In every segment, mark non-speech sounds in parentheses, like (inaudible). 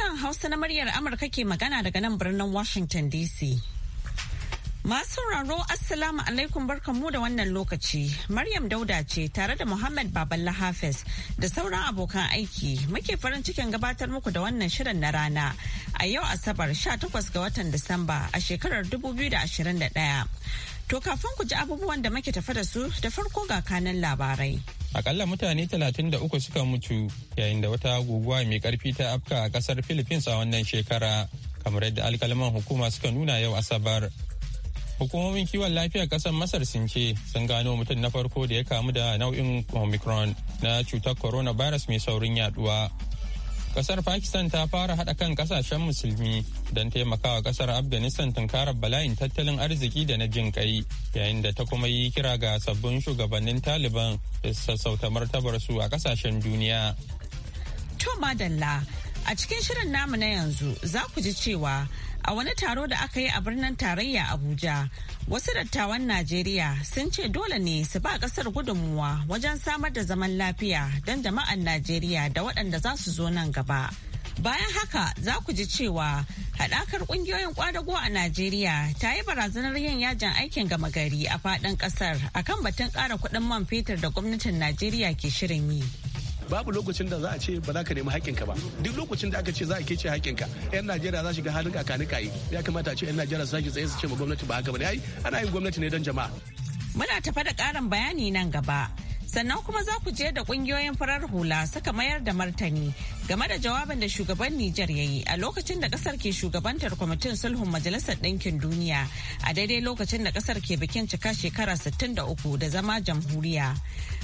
Sashen Hausa na muryar Amurka ke magana daga nan birnin Washington DC. Masu sauraro Assalamu alaikum barkanmu da wannan lokaci. Maryam Dauda ce tare da Muhammad Baballa Hafiz da sauran abokan aiki muke farin cikin gabatar muku da wannan shirin na rana a yau Asabar 18 ga watan Disamba a shekarar 2021. To kafin ku ji abubuwan da muke tafa da su da farko ga kanan labarai. Akalla mutane 33 suka mutu yayin da wata guguwa mai karfi ta afka a kasar Philippines a wannan shekara kamar yadda alkalman hukuma suka nuna yau Asabar. Hukumomin kiwon lafiyar kasar Masar sun ce sun gano mutum na farko da ya kamu da nau'in Omicron na cutar coronavirus mai saurin yaduwa. Kasar Pakistan ta fara haɗa kan kasashen musulmi don taimakawa kasar Afghanistan tunkarar bala'in tattalin arziki da na jin kai yayin da ta kuma yi kira ga sabbin shugabannin Taliban da su sassauta martabar su a kasashen duniya. To madalla A cikin shirin namu na yanzu za ku ji cewa a wani taro da aka yi a birnin tarayya Abuja wasu dattawan Najeriya sun ce dole ne su ba kasar gudunmuwa wajen samar da zaman lafiya don jama'an Najeriya da waɗanda za su zo nan gaba. Bayan haka za ku ji cewa haɗakar ƙungiyoyin ƙwadago a Najeriya ta yi barazanar yin yajin aikin gama gari a faɗin ƙasar akan batun ƙara kuɗin man fetur da gwamnatin Najeriya ke shirin yi. babu lokacin da za a ce ba za ka nemi haƙƙinka ba duk lokacin da aka ce za a kece haƙƙinka yan najeriya za shiga halin kakani kayi ya kamata a ce yan najeriya su sake tsaye su ce ma gwamnati ba haka ba ne ai ana yin gwamnati ne don jama'a muna tafa da ƙarin bayani nan gaba sannan kuma za ku je da ƙungiyoyin farar hula suka mayar da martani game da jawabin da shugaban Nijar ya yi a lokacin da kasar ke shugabantar kwamitin sulhun majalisar ɗinkin duniya a daidai lokacin da kasar ke bikin cika shekara 63 da zama jamhuriya.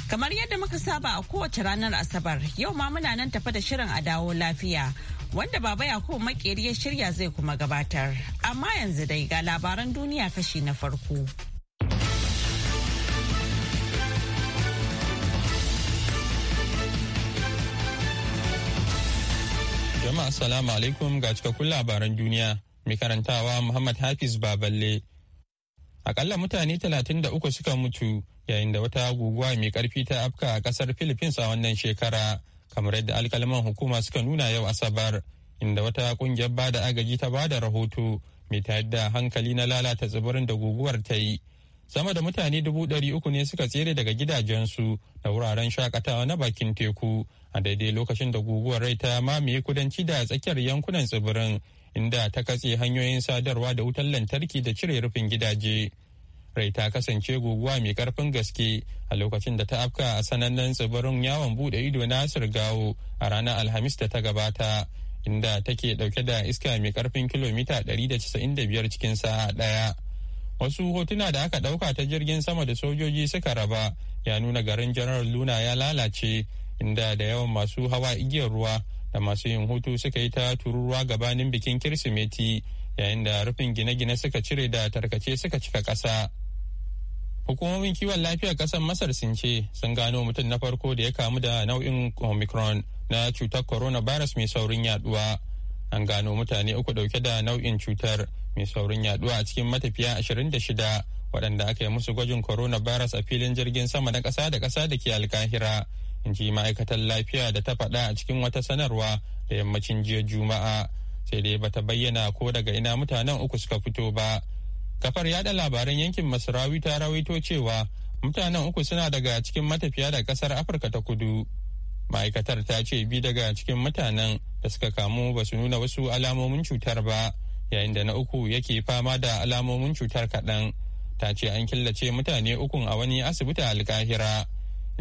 Kamar yadda muka saba a kowace ranar Asabar, yau ma muna nan tafa da shirin a dawo lafiya, wanda Baba ko makeri ya shirya zai kuma gabatar. Amma yanzu dai ga labaran duniya kashi na farko. Jama'a salamu alaikum ga cikakkun labaran duniya, mai karantawa Muhammad Hafiz Baballe. Akalla mutane 33 suka mutu yayin da wata guguwa mai karfi ta afka a kasar Philippines a wannan shekara, kamar yadda alkalaman hukuma suka nuna yau Asabar, inda wata kungiyar bada agaji ta ba da rahoto mai tayar da hankali na lalata tsibirin da guguwar ta yi. Sama da mutane dubu ɗari uku ne suka tsere daga gidajensu da wuraren shakatawa na bakin teku a daidai lokacin da guguwar rai ta mamaye kudanci da tsakiyar yankunan tsibirin inda ta katse hanyoyin sadarwa da wutar lantarki da cire rufin gidaje. Rai ta kasance guguwa mai karfin gaske a lokacin da ta afka a sanannen tsibirin yawon bude ido na Sirgawo a ranar Alhamis da ta gabata, inda take dauke da iska mai karfin kilomita 195 cikin sa'a daya. Wasu hotuna da aka dauka ta jirgin sama da sojoji suka raba ya nuna garin General Luna ya lalace, inda da yawan masu hawa igiyar ruwa da masu yin hutu suka yi ta tururuwa gabanin bikin kirsimeti yayin da rufin gine-gine suka cire da tarkace suka cika ƙasa. Hukumomin kiwon lafiyar ƙasar Masar sun ce sun gano mutum na farko da ya kamu da nau'in Omicron na cutar coronavirus mai saurin yaduwa. An gano mutane uku dauke da nau'in cutar mai saurin yaduwa a cikin matafiya 26 waɗanda aka yi musu gwajin coronavirus a filin jirgin sama na ƙasa da ƙasa da ke alkahira in ji ma'aikatar lafiya da ta faɗa a cikin wata sanarwa da yammacin jiya juma'a sai dai bata bayyana ko daga ina mutanen uku suka fito ba kafar yada labaran yankin masarawi ta rawaito cewa mutanen uku suna daga cikin matafiya da kasar afirka ta kudu ma'aikatar ta ce bi daga cikin mutanen da suka kamu ba su nuna wasu alamomin cutar ba yayin da na uku yake fama da alamomin cutar kaɗan ta ce an killace mutane ukun a wani asibiti a alkahira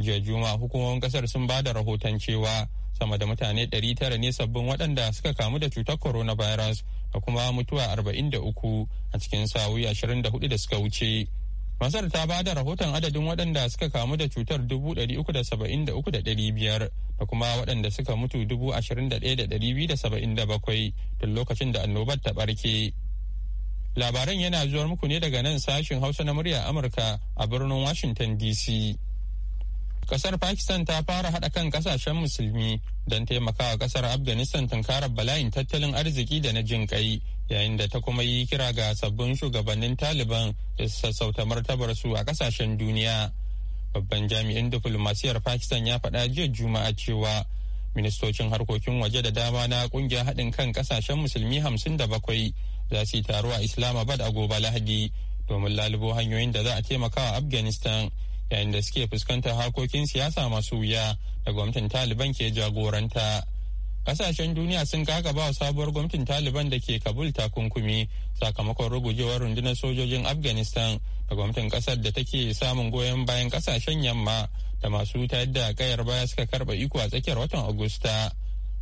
jiya juma hukumomin kasar sun ba da rahoton cewa sama da mutane 900 ne sabbin waɗanda suka kamu da cutar coronavirus da kuma mutuwa 43 a cikin sa'o'i 24 da suka wuce. Masar ta ba da rahoton adadin waɗanda suka kamu da cutar 373,500 da kuma waɗanda suka mutu 21,277 tun lokacin da annobar ta ɓarke. Labaran yana zuwar muku ne daga nan sashin Hausa na murya Amurka a birnin Washington DC. kasar pakistan ta fara hada kan kasashen musulmi don taimakawa kasar afghanistan tunkarar bala'in tattalin arziki da na jin kai yayin da ta kuma yi kira ga sabbin shugabannin taliban da su sassauta martabar su a kasashen duniya babban jami'in diflomasiyar pakistan ya faɗa jiya juma'a cewa ministocin harkokin waje da dama na kungiyar haɗin kan kasashen musulmi hamsin da bakwai za su yi taro a islamabad a gobe lahadi domin lalubo hanyoyin da za a taimakawa afghanistan yayin da suke fuskantar harkokin siyasa masu wuya da gwamnatin taliban ke jagoranta kasashen duniya sun gagaba wa sabuwar gwamnatin taliban da ke kabul takunkumi sakamakon rugujewar rundunar sojojin afghanistan da gwamnatin kasar da take samun goyon bayan kasashen yamma da masu tayar da kayar baya suka karba iko a tsakiyar watan agusta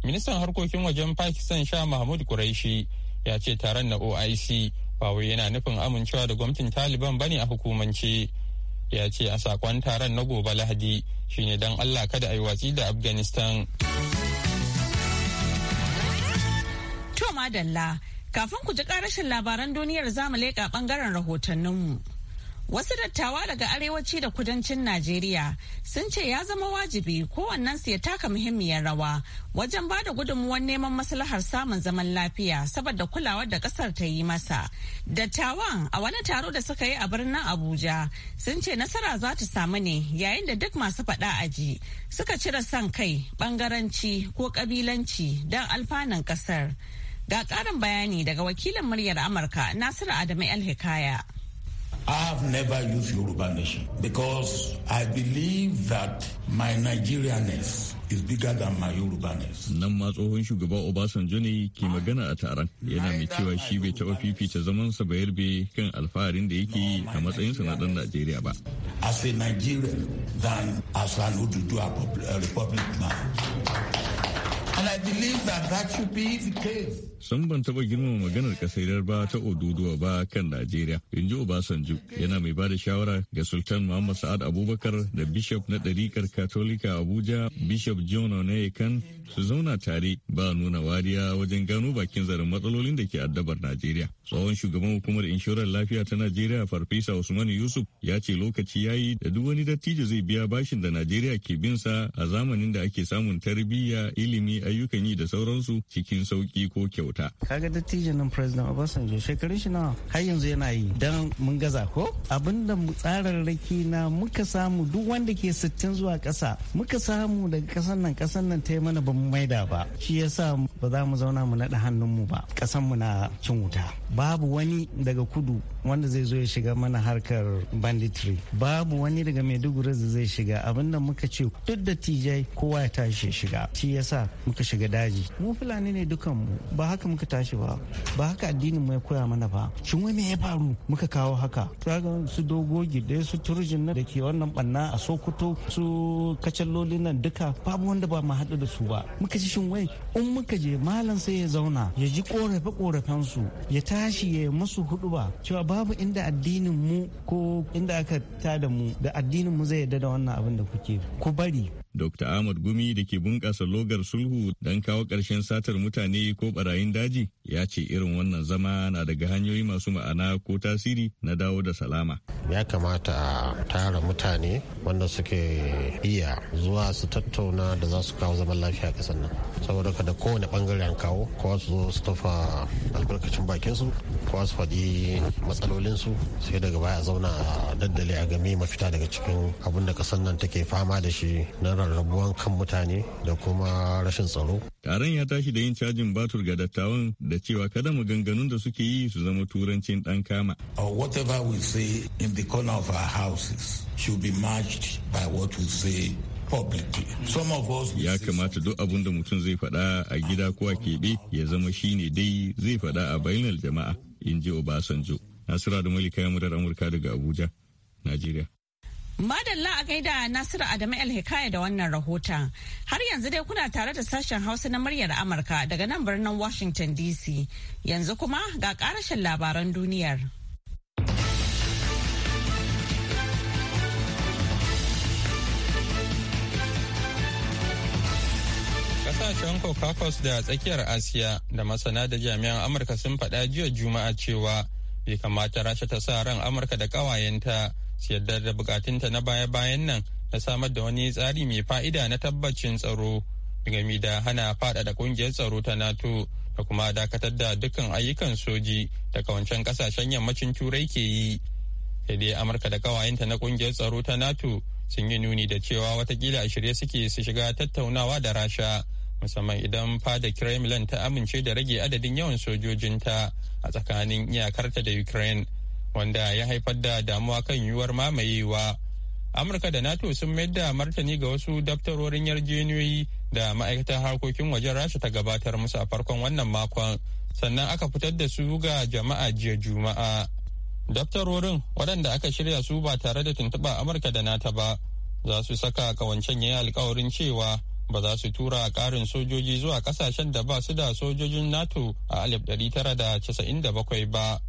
ministan harkokin wajen pakistan sha mahmud kuraishi ya ce taron na oic ba wai yana nufin amincewa da gwamnatin taliban bane a hukumance ya ce a sakon taron na gobe lahadi shine don allah kada a yi watsi da afghanistan to madalla kafin ku ji karashin labaran duniyar zamu leƙa bangaren rahotanninmu Wasu dattawa daga arewaci da kudancin Najeriya sun ce ya zama wajibi su ya taka muhimmiyar rawa wajen ba da gudunmuwan neman maslahar samun zaman lafiya saboda kulawar da kasar ta yi masa. Dattawan a wani taro da suka yi a birnin Abuja sun ce nasara za ta samu ne yayin da duk masu faɗa aji suka cire son kai, ɓangaranci ko ƙabilanci don alfanun ƙasar. Ga ƙarin bayani daga wakilin muryar Amurka Nasiru Adamu El Hikaya. I have never used Yoruba nation because I believe that my Nigerianness is bigger than my ness. Nan ma tsohon shugaba Obasanjo ne ke magana a taron yana mai cewa shi bai taɓa fifita zamansa ba yarbe kan alfaharin da yake a matsayin sa na ɗan Najeriya ba. As a Nigerian than as an Oduduwa Republic man. Sun ban taɓa girmama maganar kasairar ba ta Oduduwa ba kan Najeriya, in ji Obasanjo yana mai ba da shawara ga Sultan Muhammad Sa'ad Abubakar da Bishop na ɗarikar Katolika Abuja, Bishop John Onayekan su zauna tare ba nuna wariya wajen gano bakin zarin matsalolin da ke addabar Najeriya. Tsohon shugaban hukumar inshorar lafiya ta Najeriya Farfesa Usman Yusuf ya ce lokaci ya yi da duk wani dattijo zai biya bashin da Najeriya ke binsa a zamanin da ake samun tarbiyya, ilimi, ayyuka yi da sauransu cikin sauki ko kyauta. Kaga dattijan nan President Obasanjo shekarun shi na har yanzu yana yi don mun gaza ko? Abinda tsararraki na muka samu duk wanda ke sittin zuwa ƙasa muka samu daga ƙasan nan ƙasan nan ta yi mana ba mu maida ba. Shi ya sa ba za mu zauna mu naɗa hannun mu ba ƙasan mu na cin wuta. Babu wani daga kudu wanda zai zo ya shiga mana harkar banditry. Babu wani daga Maiduguri zai shiga abinda muka ce duk da tijai kowa ya tashi shiga. Shi ya sa muka shiga shiga daji mu fulani ne dukan mu ba haka muka tashi ba ba haka addinin mu ya koya mana ba shin wai me ya faru muka kawo haka kaga su dogogi da su turjin na da ke wannan banna a sokoto su kacallolin nan duka babu wanda ba mu haɗu da su ba muka ji shin wai in muka je malam sai ya zauna ya ji korafe korafen su ya tashi ya musu hudu ba cewa babu inda addinin mu ko inda aka tada mu da addinin mu zai yarda da wannan abin da kuke ku bari Dr. Ahmad Gumi da ke bunƙasa logar sulhu don kawo ƙarshen satar mutane ko barayin daji ya ce irin wannan zama na daga hanyoyi masu ma'ana ko tasiri na dawo da salama. ya kamata a tara mutane wanda suke iya zuwa su tattauna da za su kawo zaman lafiya a ƙasar nan saboda ka da kowane bangare an kawo kowa su zo su tafa albarkacin bakin su kowa su faɗi matsalolin su sai daga baya zauna a daddale a game mafita daga cikin abin da ƙasar nan take fama da shi na rarrabuwan kan mutane da kuma rashin tsaro Taron ya tashi da yin cajin batur ga dattawan da cewa kada maganganun da suke yi su zama turancin dan kama. Or whatever we say in the corner of our houses should be matched by what we say Ya kamata duk abin da mutum zai faɗa a gida ko a keɓe ya zama shi ne dai zai faɗa a bayanar jama'a, in ji Obasanjo. Nasiru da Malika ya murar Amurka daga Abuja, Najeriya. Madalla a gaida Nasiru Adamu El Hikaya da wannan rahoton. Har yanzu dai kuna tare da sashen Hausa na muryar Amurka daga nan birnin Washington DC. Yanzu kuma ga karashin labaran duniyar. Kasashen Caucasus da tsakiyar Asiya da masana da jami'an Amurka sun faɗa jiya Juma'a cewa bai kamata Rasha ta sa ran Amurka da ƙawayenta yadda da bukatunta na baya-bayan nan na samar da wani tsari mai fa'ida na tabbacin tsaro gami da hana faɗaɗa ƙungiyar tsaro ta nato da kuma dakatar da dukkan ayyukan soji daga wancan ƙasashen yammacin turai ke yi da dai amurka da kawayenta na kungiyar tsaro ta nato sun yi nuni da cewa watakila a shirye suke su shiga tattaunawa da rasha musamman idan fada kremlin ta amince da rage adadin yawan sojojinta a tsakanin iyakarta da ukraine wanda ya haifar da damuwa kan yiwuwar mamayewa amurka da nato sun mayar da martani ga wasu daftarorin yarjejeniyoyi da ma'aikatar harkokin wajen rasha ta gabatar musu a farkon wannan makon sannan aka fitar da su ga jama'a jiya juma'a daftarorin waɗanda aka shirya su ba tare da tuntuɓa amurka da nata ba za su saka kawancen ya yi alkawarin cewa ba za su tura ƙarin sojoji zuwa ƙasashen da ba su da sojojin nato a 1997 ba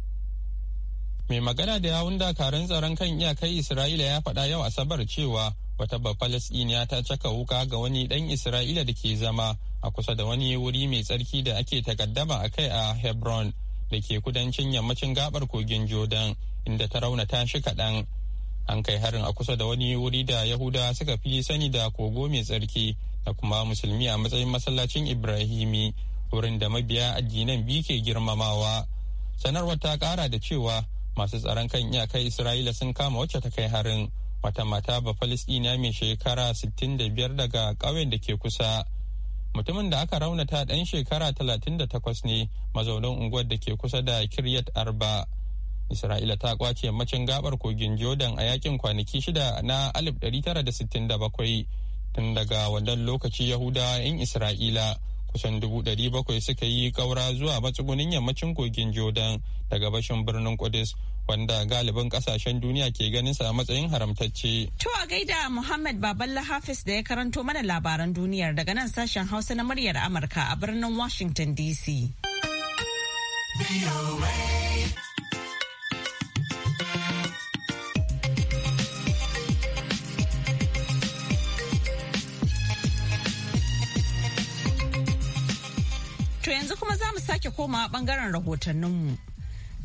mai magana da yawun dakarun tsaron kan iyakar isra'ila ya faɗa yau asabar cewa wata bafalasɗiniya ta caka wuka ga wani ɗan isra'ila da ke zama a kusa da wani wuri mai tsarki da ake takaddama a kai a hebron da ke kudancin yammacin gabar kogin jordan inda ta raunata shi kaɗan an kai harin a kusa da wani wuri da yahuda suka fi sani da kogo mai tsarki da kuma musulmi a matsayin masallacin ibrahimi wurin da mabiya addinan biyu ke girmamawa sanarwar ta kara da cewa masu tsaron kan iyakar isra'ila sun kama wacce ta kai harin wata mata ba falisdina mai shekara 65 daga ƙauyen da ke kusa mutumin da aka raunata ɗan shekara 38 ne mazaunin unguwar da ke kusa da kiryat arba isra'ila ta kwace yammacin gabar kogin jordan a yakin kwanaki shida na 1967 tun daga wannan lokaci yahudawa 'yan isra'ila kusan 700 suka yi kaura zuwa matsugunin yammacin kogin jordan da gabashin birnin Kudus wanda galibin kasashen duniya ke ganin sa a matsayin haramtacce. To a gaida Muhammad Baballa Hafiz da ya karanto mana labaran duniyar daga nan sashen Hausa na muryar Amurka a birnin Washington DC. To yanzu kuma za mu sake komawa bangaren rahotanninmu.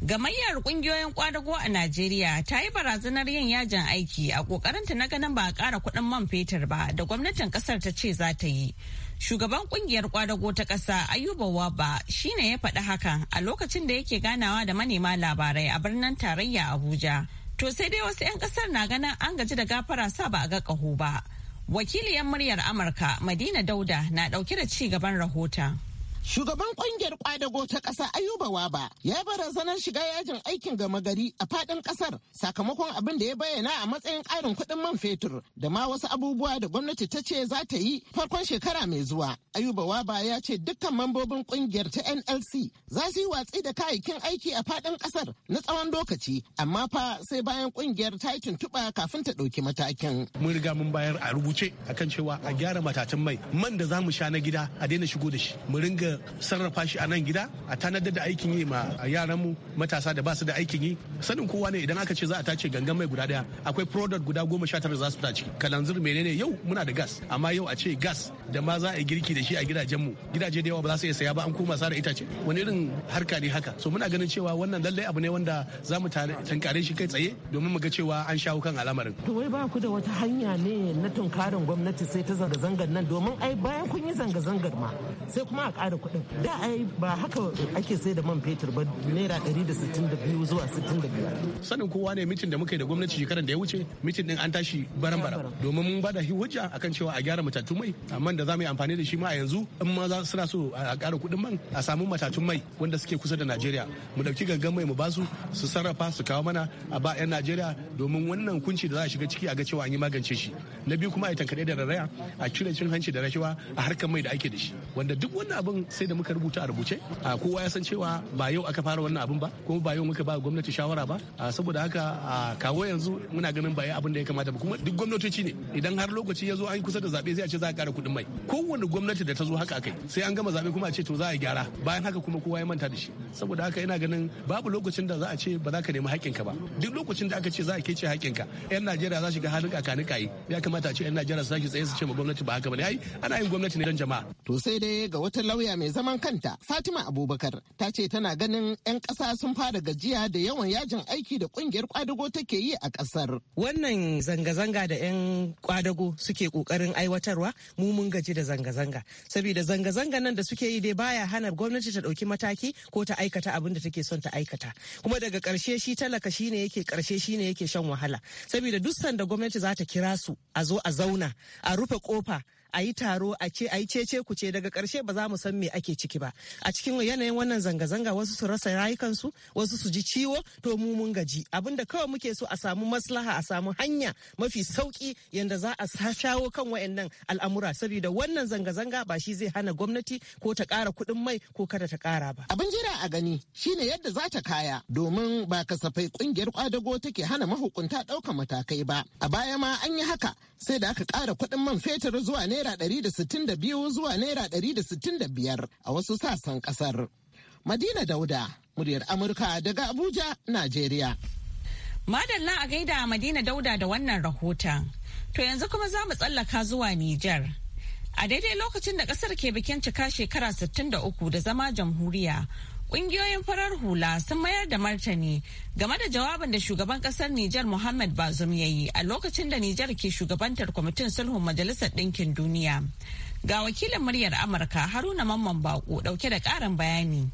Gamayyar ƙungiyoyin ƙwadago a Najeriya ta yi barazanar yin yajin aiki a ƙoƙarinta na ganin ba a ƙara kuɗin man fetur ba da gwamnatin ƙasar ta ce za ta yi. Shugaban ƙungiyar ƙwadago ta ƙasa Ayuba Waba ne ya faɗi hakan a lokacin da yake ganawa da manema labarai a birnin tarayya Abuja. To sai dai wasu 'yan ƙasar na ganin an gaji da gafara sa ba a ga ƙaho ba. Wakiliyar muryar Amurka Madina Dauda na ɗauke da ci gaban rahoton. Shugaban kungiyar kwadago ta ƙasa Ayuba Waba ya barazanar shiga yajin aikin gama gari a faɗin ƙasar sakamakon abin da ya bayyana a matsayin ƙarin kuɗin man fetur da ma wasu abubuwa da gwamnati ta ce za ta yi farkon shekara mai zuwa. Ayuba Waba ya ce dukkan mambobin kungiyar ta NLC za su yi watsi da kayayyakin aiki a faɗin ƙasar na tsawon lokaci amma fa sai bayan kungiyar ta yi tuntuɓa kafin ta ɗauki matakin. Mun riga mun bayar a rubuce akan cewa a gyara matatan mai man da za mu sha na gida a daina shigo da shi. Mu ringa sarrafa shi a nan gida a tanadar da aikin yi ma yaranmu matasa da ba su da aikin yi sanin kowa ne idan aka ce za a tace gangan mai guda daya akwai product guda goma sha tara za su tace kalanzir menene yau muna da gas amma yau a ce gas da ma za a yi girki da shi a gidajen mu gidaje da yawa ba za su iya saya ba an koma sara itace wani irin harka ne haka so muna ganin cewa wannan lallai abu ne wanda za mu tankare shi kai tsaye domin mu ga cewa an shawo kan al'amarin. to wai ba ku da wata hanya ne na tunkarin gwamnati sai ta zanga-zangar nan domin ai bayan kun yi zanga-zangar ma sai kuma a ƙara kuɗin da ai ba haka ake sai da man fetur ba naira ɗari da sittin da biyu zuwa sittin da biyar. sanin kowa ne mitin da muka yi da gwamnati shekaran da ya wuce mitin din an tashi baran bara domin mun bada hujja kan cewa a gyara matatun mai amma da za mu yi amfani da shi ma a yanzu in ma suna so a ƙara kuɗin man a samu matatun mai wanda suke kusa da najeriya mu ɗauki gangan mai mu basu su sarrafa su kawo mana a ba 'yan najeriya domin wannan kunci da za a shiga ciki a ga cewa an yi magance shi na biyu kuma a yi tankaɗe da raraya a cire cin hanci da rashawa a harkar mai da ake da shi wanda duk wannan abin sai da muka rubuta a rubuce a kowa ya san cewa ba yau aka fara wannan abin ba kuma ba yau muka ba gwamnati shawara ba saboda haka kawo yanzu muna ganin ba abin da ya kamata ba kuma duk gwamnatoci ne idan har lokaci ya zo an kusa da zaɓe sai a ce za a kara kuɗin mai kowane gwamnati da ta zo haka akai sai an gama zaɓe kuma a ce to za a gyara bayan haka kuma kowa ya manta da shi saboda haka ina ganin babu lokacin da za a ce ba za ka nemi haƙƙinka ba duk lokacin da aka ce za a kece haƙƙinka yan najeriya za shiga halin kakani kai ya kamata a ce yan najeriya su tashi tsaye su ce ma gwamnati ba haka ba ne ai ana yin gwamnati ne don jama'a to sai dai ga wata lauya mai zaman kanta Fatima Abubakar ta ce tana ganin 'yan ƙasa sun fara gajiya da yawan yajin aiki da ƙungiyar kwadago take yi a ƙasar. Wannan zanga-zanga da 'yan kwadago suke ƙoƙarin aiwatarwa mu mun gaji da zanga-zanga. Saboda zanga-zanga nan da suke yi dai baya hana gwamnati ta ɗauki mataki ko ta aikata abin da take son ta aikata. Kuma daga ƙarshe shi talaka shi ne yake ƙarshe shi ne yake shan wahala. Saboda duk sanda gwamnati za ta kira su a zo a zauna a rufe ƙofa a yi taro a ce a yi cece ku ce daga karshe ba za mu san me ake ciki ba a cikin yanayin wannan zanga-zanga wasu su rasa rayukansu wasu su ji ciwo to mu mun gaji abinda kawai muke so a samu maslaha a samu hanya mafi sauki yanda za a shawo kan wayannan al'amura saboda wannan zanga-zanga ba shi zai hana gwamnati ko ta kara kuɗin mai ko kada ta kara ba abin jira a gani shine yadda za ta kaya domin ba kasafai kungiyar kwadago take hana mahukunta ɗaukar matakai ba a baya ma an yi haka sai da aka kara kuɗin man fetur zuwa ne naira 162 zuwa naira 165 a wasu sassan kasar. Madina Dauda, muryar Amurka daga Abuja, Najeriya. Madalla a gaida Madina Dauda da wannan rahoton. To yanzu kuma za mu tsallaka zuwa Nijar. A daidai lokacin da ƙasar ke bikin cika shekara 63 da zama jamhuriya, Ƙungiyoyin farar hula sun mayar da martani game da jawabin da shugaban ƙasar Nijar Muhammad Bazoum ya yi a lokacin da Nijar ke shugabantar kwamitin sulhun Majalisar Ɗinkin Duniya. Ga wakilin muryar Amurka Haruna Mamman Bako ɗauke da ƙarin bayani.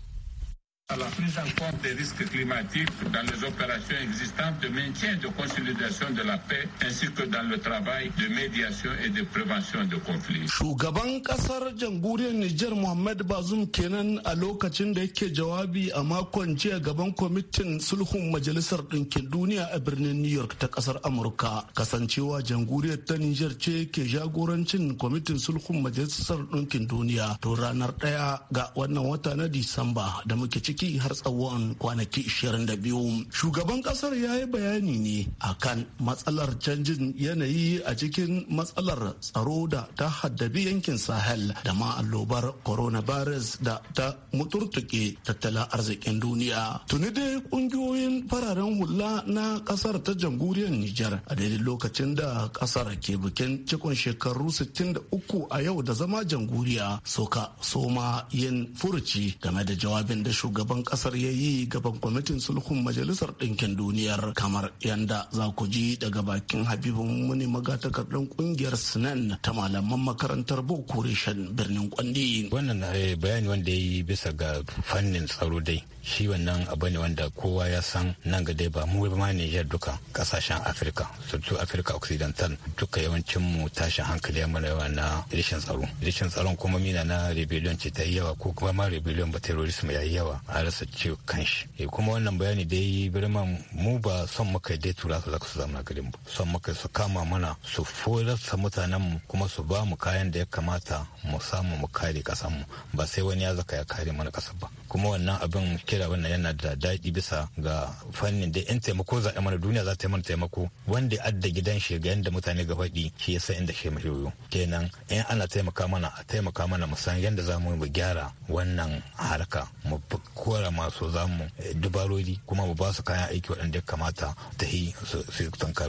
à la prise en compte des risques climatiques dans les opérations existantes de maintien de consolidation de la paix ainsi que dans le travail de médiation et de prévention de conflits. Shugaban kasar jamhuriyar Nijar Muhammad Bazoum kenan a lokacin da yake jawabi a makon jiya gaban kwamitin sulhun majalisar ɗinkin duniya a birnin New York ta kasar Amurka. Kasancewa jamhuriyar ta Nijar ce ke jagorancin kwamitin sulhun majalisar ɗinkin duniya to ranar ɗaya ga wannan wata na Disamba da muke ciki ciki har tsawon kwanaki 22 shugaban kasar ya yi bayani ne a kan matsalar canjin yanayi a cikin matsalar tsaro da ta haddabi yankin sahel da ma allobar coronavirus da ta muturtuke tattalin arzikin duniya tuni dai kungiyoyin fararen hula na kasar ta jamhuriyar nijar a daidai lokacin da kasar ke bikin cikon shekaru 63 a yau da zama jamhuriya soka soma yin furuci game da jawabin da shugaban shugaban kasar ya yi gaban kwamitin sulhun majalisar ɗinkin duniyar kamar yanda za ku ji daga bakin habibu muni magatakardar kungiyar sinan ta malaman makarantar boko reshen birnin kwandi wannan eh, bayani wanda ya yi bisa ga fannin tsaro dai shi wannan abu ne wanda kowa ya san nan ga dai ba mu ma Niger duka kasashen Afirka sautu Afirka Occidental duka yawancin mu tashin hankali ya mara na rishin tsaro rishin tsaron kuma mina na rebellion ce ta yi yawa ko kuma ma rebellion ba terrorism ya yi yawa a rasa ciwo kanshi eh, kuma wannan bayani dai birman mu ba son muka dai tura su zaka su zama garin ba son muka su kama mana su forarsa mutanen mu kuma su ba mu kayan da ya kamata mu samu mu kare kasan mu ba sai wani ya zaka ya kare mana kasa ba kuma wannan abin kira wannan yana da daɗi bisa ga fannin da in taimako za a mana duniya za ta mana taimako wanda ya adda gidan shi ga yanda mutane ga faɗi shi yasa inda shi yoyo kenan in ana taimaka mana a taimaka mana mu san yanda za mu gyara wannan harka mu kora masu zamu eh, dubarori kuma ba ba su kayan aiki waɗanda kamata ta yi su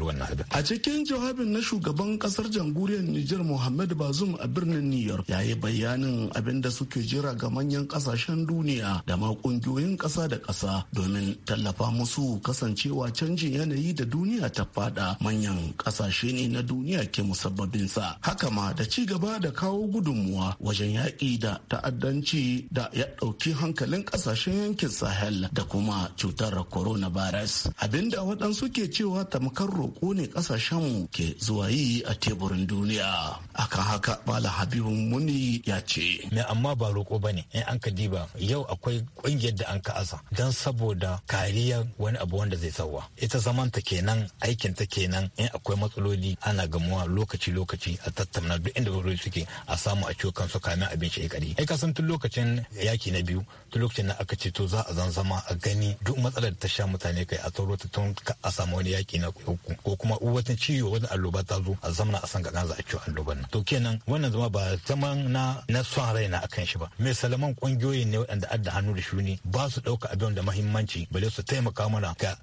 wannan abin. A cikin jawabin na shugaban kasar jamhuriyar Nijar Muhammad Bazum a birnin New York ya yi bayanin abin da suke jira ga manyan ƙasashen duniya da ma kungiyoyin kasa da ƙasa domin tallafa musu kasancewa canjin yanayi da duniya ta fada manyan ƙasashe ne na duniya ke musabbabinsa. Haka ma da ci gaba da kawo gudunmuwa wajen yaƙi da ta'addanci da ya ɗauki hankalin kasashe kasashen yankin sahel da kuma cutar coronavirus abinda waɗansu ke cewa tamkar roƙo ne ƙasashenmu ke zuwa yi a teburin duniya akan haka bala habibu muni ya ce me amma ba roƙo ba ne in an ka diba yau akwai ƙungiyar da an ka asa, don saboda kariya wani abu wanda zai sauwa ita zamanta kenan aikin ta kenan in akwai matsaloli ana gamuwa lokaci-lokaci a tattauna duk inda matsaloli suke a samu a ciwo kansu kamin abin shi ai kasan tun lokacin yaki na biyu tun lokacin na aka ce to za a zan zama a gani duk matsalar ta sha mutane kai a tsoro ta tun a samu wani yaki na uku ko kuma wata ciwo wani alloba ta zo a zamana a san ga za a ciwo alloban to kenan wannan zama ba zaman na na son rai na akan shi ba mai salaman kungiyoyi ne waɗanda adda hannu da shuni ba su ɗauka abin da mahimmanci bale su taimaka mana ga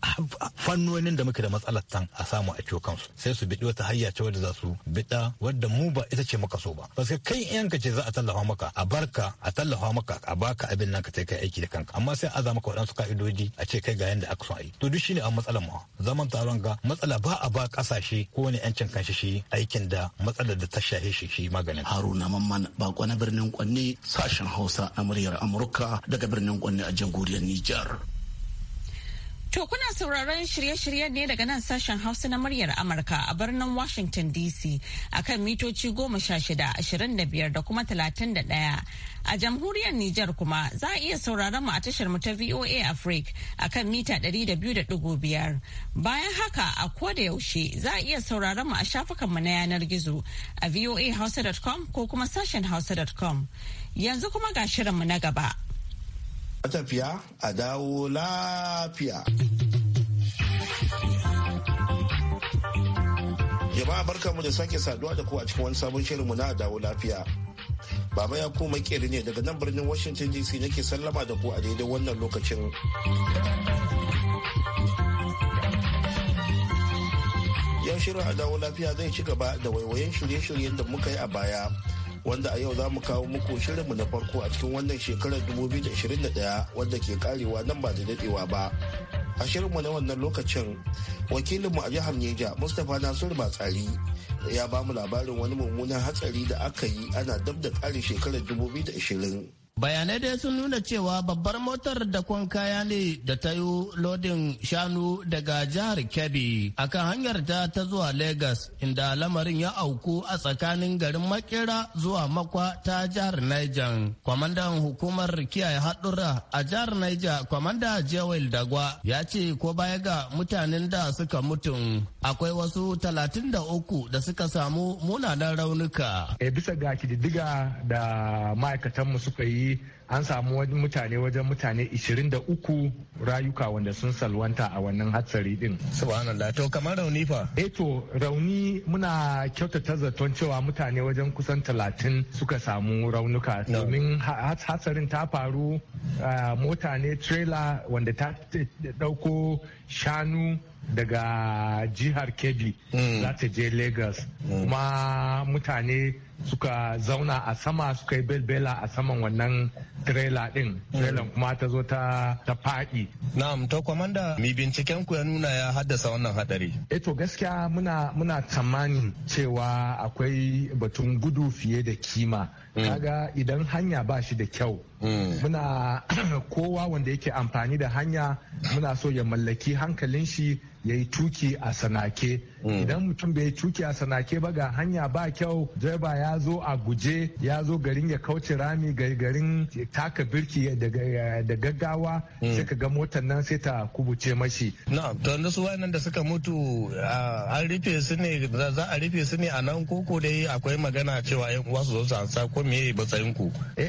fannonin da muke da matsalar tan a samu a ciwo kansu sai su biɗi wata hayya ce wadda za su biɗa wadda mu ba ita ce maka so ba parce kai in ka ce za a tallafa maka a barka a tallafa maka a baka abin nan ka kai aiki da kanka amma sai a zama waɗansu ka'idoji a ce kai ga yanda aka son a yi to duk shine a matsalar mu zaman taron ga matsala ba a ba kasashe ko wani yancin kanshi shi aikin da matsalar da ta shahe shi shi maganin haruna mamman bako na birnin kwanne sashen hausa na muryar amurka daga birnin kwanne a jamhuriyar nijar To kuna sauraron shirye-shiryen ne daga nan sashen Hausa na muryar Amurka a birnin Washington DC kan mitoci goma sha shida ashirin da biyar da kuma talatin da ɗaya. A jamhuriyar Nijar kuma za a iya sauraron mu a tashar mu ta VOA Africa kan mita ɗari da biyu da ɗigo biyar. Bayan haka a ko da yaushe za a iya sauraron mu a shafukan mu na yanar gizo a voahausa.com ko kuma sashen hausa.com. Yanzu kuma ga shirin mu na gaba. matafiya a dawo lafiya. Jama'a barkanmu da sake saduwa da ku a cikin wani sabon shirinmu na dawo lafiya. Baba ya koma makeri ne daga nan birnin Washington DC nake sallama da ku a daidai wannan lokacin. Yau shirin a dawo lafiya zai ci gaba da waiwayen shirye-shiryen da muka yi a baya. wanda a yau za mu kawo muku shirinmu na farko a cikin wannan shekarar 2021 wanda ke karewa nan ba da daɗewa ba. A shirinmu na wannan lokacin wakilinmu a jihar Neja Mustapha Nasiru Batsari ya ba mu labarin wani mummunan hatsari da aka yi ana dab da kare shekarar 2020. Bayanai dai sun nuna cewa babbar motar da kwan kaya ne da ta yi lodin shanu daga jihar Kebbi akan hanyar ta ta zuwa Legas inda lamarin ya auku a tsakanin garin Makera zuwa Makwa ta jihar Niger. Kwamandan hukumar kiyaye haɗura a jihar Niger, Kwamanda Jewel Dagwa ya ce ko baya ga mutanen da suka mutum akwai wasu 33 da suka samu munanan raunuka. Eh, bisa ga kididdiga da ma'aikatanmu suka yi an samu mutane wajen mutane 23 rayuka wanda sun salwanta a wannan hatsari din. Subhanallah to kamar rauni fa? Eh to rauni muna kyautata zaton cewa mutane wajen kusan 30 suka samu raunuka domin hatsarin ta faru ah, mota ne trailer wanda ta dauko shanu daga jihar kebbi mm. za ta je lagos mm. kuma mutane suka zauna a sama suka yi belbela a saman wannan trela din mm. trailer kuma ta zo ta faɗi. na'am to kwamanda mi binciken ku ya nuna ya haddasa wannan hadari eh gaskiya muna muna tsammanin cewa akwai batun gudu fiye da kima kaga idan hanya ba shi da kyau muna (clears throat) kowa wanda yake amfani da hanya muna so ya mallaki hankalin shi ya yi tuki a sanake mm. idan mutum bai tuki a sanake ba ga hanya ba kyau direba ya zo a guje ya zo garin ya kauce rami garin taka birki da gaggawa mm. sai ka ga motar nan sai ta kubuce mashi na to su wayannan da suka mutu an rufe su ne za a rufe su ne a nan koko dai akwai magana cewa yan uwa su zo su ansa ko me matsayin ku eh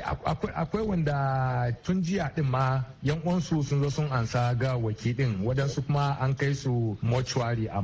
akwai wanda tun jiya din ma yan uwansu sun zo sun ansa ga wakilin. wadansu kuma an kai su mortuary a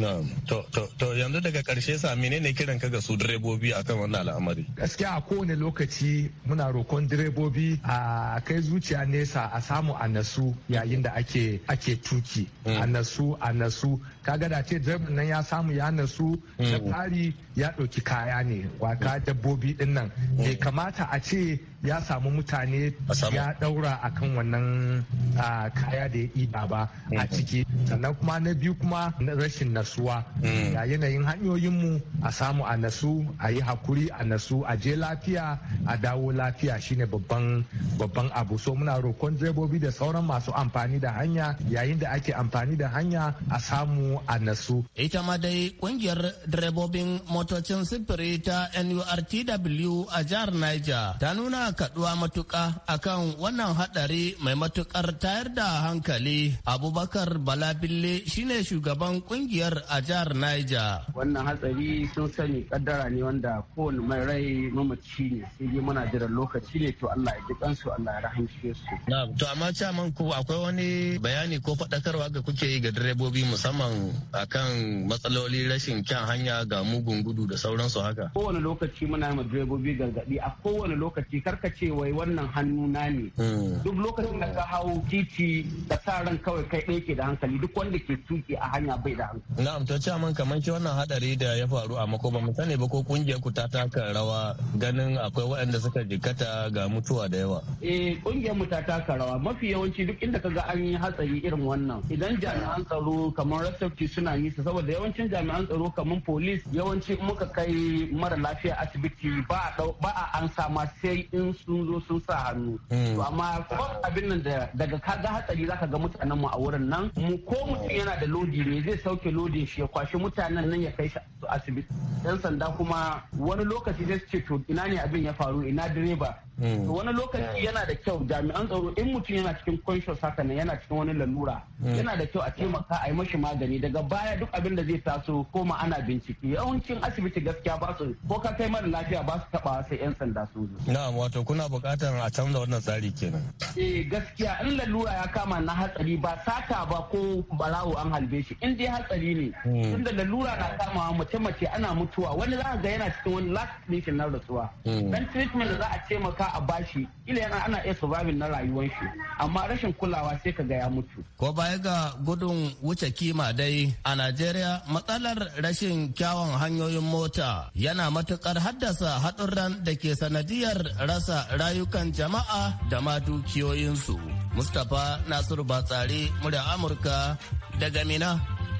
To yanzu daga karshe sa menene kiran ka ga su direbobi akan wannan al'amari? Gaskiya a kowane lokaci muna roƙon direbobi a kai zuciya nesa a samu a nasu yayin da ake ake tuki. Mm. A nasu a nasu kaga da ce direban nan ya samu ya nasu mm. da fari ya ɗauki kaya ne Waka mm. dabbobi din nan. Bai kamata a ce ya samu mutane ya ɗaura akan wannan kaya da ya ɗiba ba a ciki sannan kuma na biyu kuma rashin nasu nasuwa mm. Ya yanayin hanyoyinmu a samu a nasu a yi hakuri a nasu a je lafiya a dawo lafiya shine babban babban abu so muna rokon direbobi da sauran masu amfani da hanya yayin da ake amfani da hanya a samu a nasu ita ma dai kungiyar direbobin motocin sifiri ta nurtw a jihar niger ta nuna kaduwa matuka akan wannan hadari mai matukar tayar da hankali abubakar balabille shine shugaban kungiyar Nijar a jihar Niger. Wannan hatsari sun sani kaddara ne wanda kowane mai rai mamaci ne sai dai muna jiran lokaci ne to Allah ya ji kansu Allah ya rahamshe su. Na'am to amma caman ku akwai wani bayani ko faɗakarwa ga kuke yi ga direbobi musamman akan matsaloli rashin kyan hanya ga mugun gudu da sauransu haka. Kowane lokaci muna yi ma direbobi gargadi a kowane lokaci kar ka ce wai wannan hannu na ne. Hmm. Duk lokacin da ka hau titi da sa ran kawai kai ɗaya ke da hankali duk wanda ke tuki a hanya bai da hankali. Na'am to man kamar ki wannan hadari da ya faru a mako ba mu sani ba ko kungiyar ku ta taka rawa ganin akwai waɗanda suka jikata ga mutuwa da yawa. Eh kungiyar mu ta taka rawa mafi yawanci duk inda kaga an yi hatsari irin wannan idan jami'an tsaro kamar rasafci suna nisa saboda yawancin jami'an tsaro kamar police yawanci muka kai mara lafiya asibiti ba a an sama sai in sun zo sun sa hannu. Hmm. To amma abin nan daga kaga hatsari zaka ga mutanen mu a wurin nan mu ko mutum yana da lodi ne zai sauke lodi gudun shi ya kwashi mutanen nan ya kai shi asibiti yan sanda kuma wani lokaci sai su ce to ina ne abin ya faru ina direba Mm. to wani lokaci yana da kyau jami'an tsaro in mutum yana cikin conscious haka ne yana cikin wani lalura mm. yana da kyau a taimaka a yi mashi magani daga baya duk abin da zai taso koma ana bincike yawancin asibiti gaskiya ba su ko ka kai mara lafiya ba su taba sai yan sanda su zo na'am wato kuna buƙatar a canza wannan tsari kenan eh gaskiya in lalura ya kama na hatsari ba sata ba ko barawo an halbe shi in dai hatsari ne mm. tunda lalura na kama mace mace ana mutuwa wani za ga yana cikin wani last na rasuwa dan treatment da za a taimaka a bashi ila yana ana iya surviving na rayuwar shi amma rashin kulawa sai ka ga ya mutu ko baya ga gudun wuce kima dai a Najeriya matsalar rashin kyawun hanyoyin mota yana matukar haddasa haɗurran da ke sanadiyar rasa rayukan jama'a da ma dukiyoyinsu Mustapha Nasiru Batsari murya Amurka daga Mina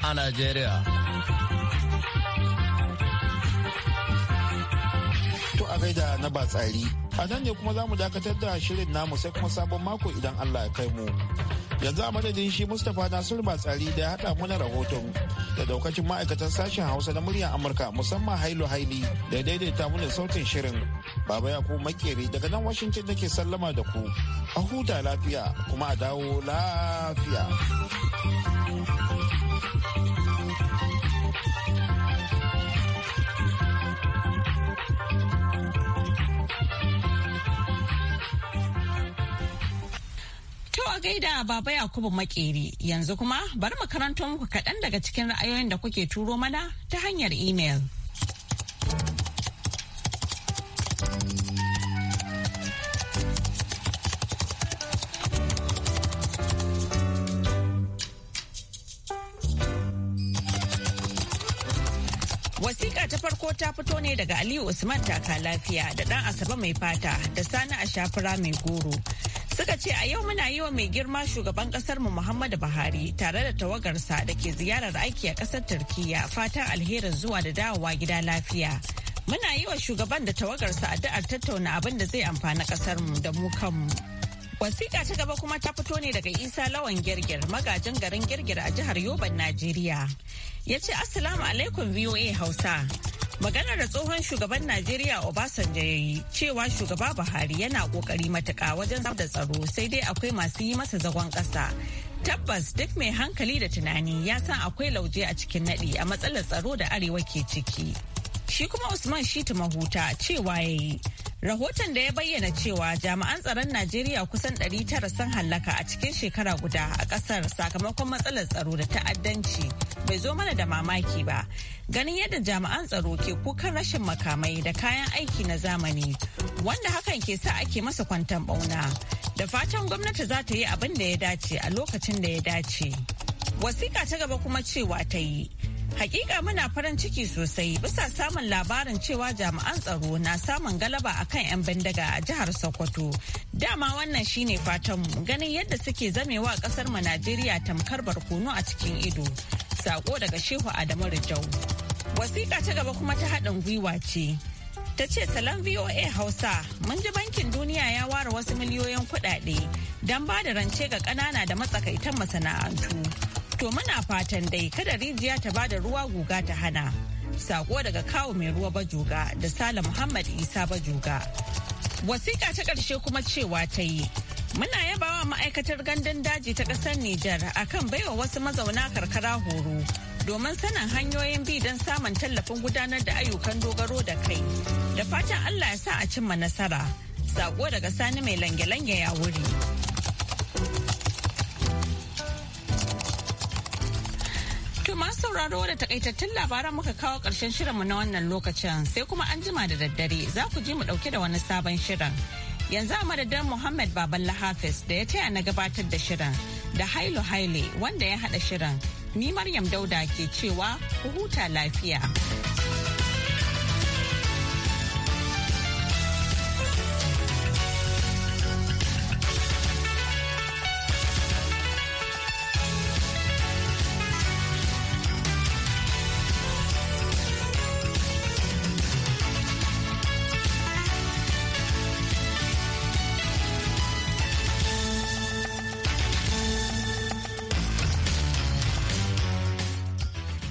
a Najeriya. a gaida na batsari. A nan ne kuma za mu dakatar da shirin namu sai kuma sabon mako idan Allah ya kai mu. Yanzu a madadin shi Mustapha Nasiru Batsari da ya haɗa na rahoton da daukacin ma'aikatan sashen Hausa na muryar Amurka musamman Hailu Haili da ya daidaita da sautin shirin. Baba Yakubu Makeri daga nan Washington nake sallama da ku. A huta lafiya kuma a dawo lafiya. sai da Baba Yakubu Makeri yanzu kuma bari mu karanto muku kaɗan daga cikin ra'ayoyin da kuke turo mana ta hanyar imel. Wasiƙa ta farko ta fito ne daga Aliyu Usman Taka Lafiya da ɗan Asaba mai fata da Sani a shafura mai goro. suka ce a yau muna yi wa mai girma shugaban kasar Muhammadu Buhari tare da tawagarsa da ke ziyarar aiki a kasar Turkiyya fatan alherin zuwa da dawowa gida lafiya. Muna yi wa shugaban da tawagarsa addu'ar tattauna abin da zai amfani kasar mu da mu kanmu. Wasiƙa ta gaba kuma ta fito ne daga Isa Lawan Girgir, magajin garin Girgir a jihar Yoban, Najeriya. Ya ce Assalamu alaikum VOA Hausa. maganar da tsohon shugaban najeriya obasanjo ya yi cewa shugaba buhari yana kokari matuka wajen da tsaro sai dai akwai masu yi masa zagon ƙasa tabbas duk mai hankali da tunani ya san akwai lauje a cikin nadi a matsalar tsaro da arewa ke ciki shi kuma usman shitu mahuta cewa ya yi Rahoton da ya bayyana cewa jami'an tsaron Najeriya kusan 900 sun hallaka a cikin shekara guda a ƙasar. sakamakon matsalar tsaro da ta'addanci bai zo mana da mamaki ba. Ganin yadda jami'an tsaro ke kukan rashin makamai da kayan aiki na zamani wanda hakan ke sa ake masa kwantan bauna. Da fatan gwamnati za ta yi abin da ya dace a lokacin da ya dace. Wasiƙa ta gaba kuma cewa ta yi. Hakika muna farin ciki sosai bisa samun labarin cewa jami'an tsaro na samun galaba a kan 'yan bindiga a jihar Sokoto. Dama wannan shine fatanmu ganin yadda suke zamewa kasar mu Najeriya tamkar barkono a cikin ido. Sako daga Shehu Adamu Rijau. Wasiƙa ta gaba kuma ta haɗin gwiwa ce. ta ce salon voa hausa mun ji bankin duniya ya ware wasu miliyoyin kuɗaɗe don ba da rance ga ƙanana da matsakaitan masana'antu To muna fatan dai kada rijiya ta bada ruwa guga ta hana. Sako daga kawo mai ruwa bajuga da Sala Muhammad Isa bajuga. Wasiƙa ta ƙarshe kuma cewa ta yi. Muna yabawa ma'aikatar gandun daji ta ƙasar Nijar akan baiwa wasu mazauna karkara horo domin sanin hanyoyin bi don samun tallafin gudanar da ayyukan dogaro da kai. Da fatan Allah ya sa a cimma nasara. Sako daga Sani mai lange-lange ya wuri. masu sauraro da takaitattun labaran muka kawo ƙarshen shirinmu na wannan lokacin sai kuma an jima da daddare za ku ji mu ɗauke da wani sabon shirin. Yanzu a madadin Muhammad Baballa Hafiz da ya taya na gabatar da shirin da Hailu Haile wanda ya haɗa shirin. Ni Maryam Dauda ke cewa ku huta lafiya.